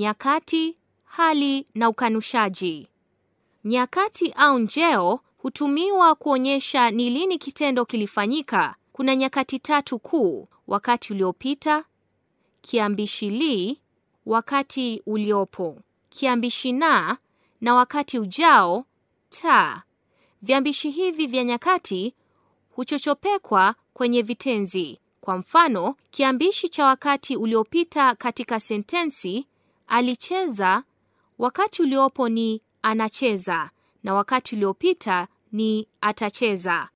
Nyakati, hali na ukanushaji. Nyakati au njeo hutumiwa kuonyesha ni lini kitendo kilifanyika. Kuna nyakati tatu kuu: wakati uliopita, kiambishi li, wakati uliopo, kiambishi na, na wakati ujao ta. Viambishi hivi vya nyakati huchochopekwa kwenye vitenzi. Kwa mfano, kiambishi cha wakati uliopita katika sentensi alicheza, wakati uliopo ni anacheza na wakati uliopita ni atacheza.